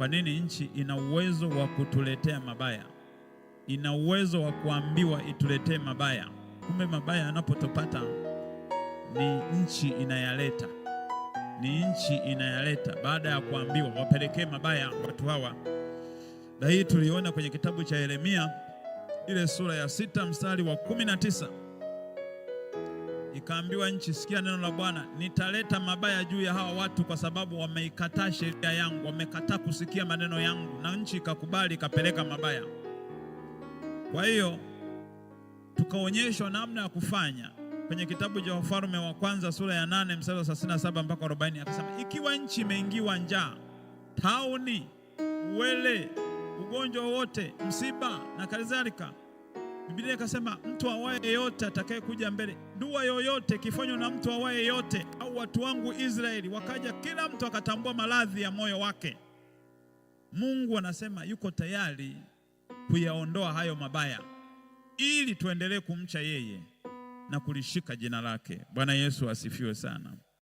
Kwa nini nchi ina uwezo wa kutuletea mabaya, ina uwezo wa kuambiwa ituletee mabaya. Kumbe mabaya anapotopata ni nchi inayaleta, ni nchi inayaleta baada ya kuambiwa wapelekee mabaya watu hawa. Na hii tuliona kwenye kitabu cha Yeremia ile sura ya sita mstari wa kumi na tisa ikaambiwa nchi, sikia neno la Bwana, nitaleta mabaya juu ya hawa watu kwa sababu wameikataa sheria yangu, wamekataa kusikia maneno yangu, na nchi ikakubali ikapeleka mabaya. Kwa hiyo tukaonyeshwa namna ya kufanya kwenye kitabu cha Wafalme wa kwanza sura ya 8 mstari wa 37 mpaka 40, akasema ikiwa nchi imeingiwa njaa, tauni, uwele, ugonjwa wote, msiba na kadhalika Biblia ikasema mtu awaye yeyote atakayekuja mbele, dua yoyote ikifanywa na mtu awaye yeyote au watu wangu Israeli, wakaja kila mtu akatambua maradhi ya moyo wake, Mungu anasema yuko tayari kuyaondoa hayo mabaya, ili tuendelee kumcha yeye na kulishika jina lake. Bwana Yesu asifiwe sana.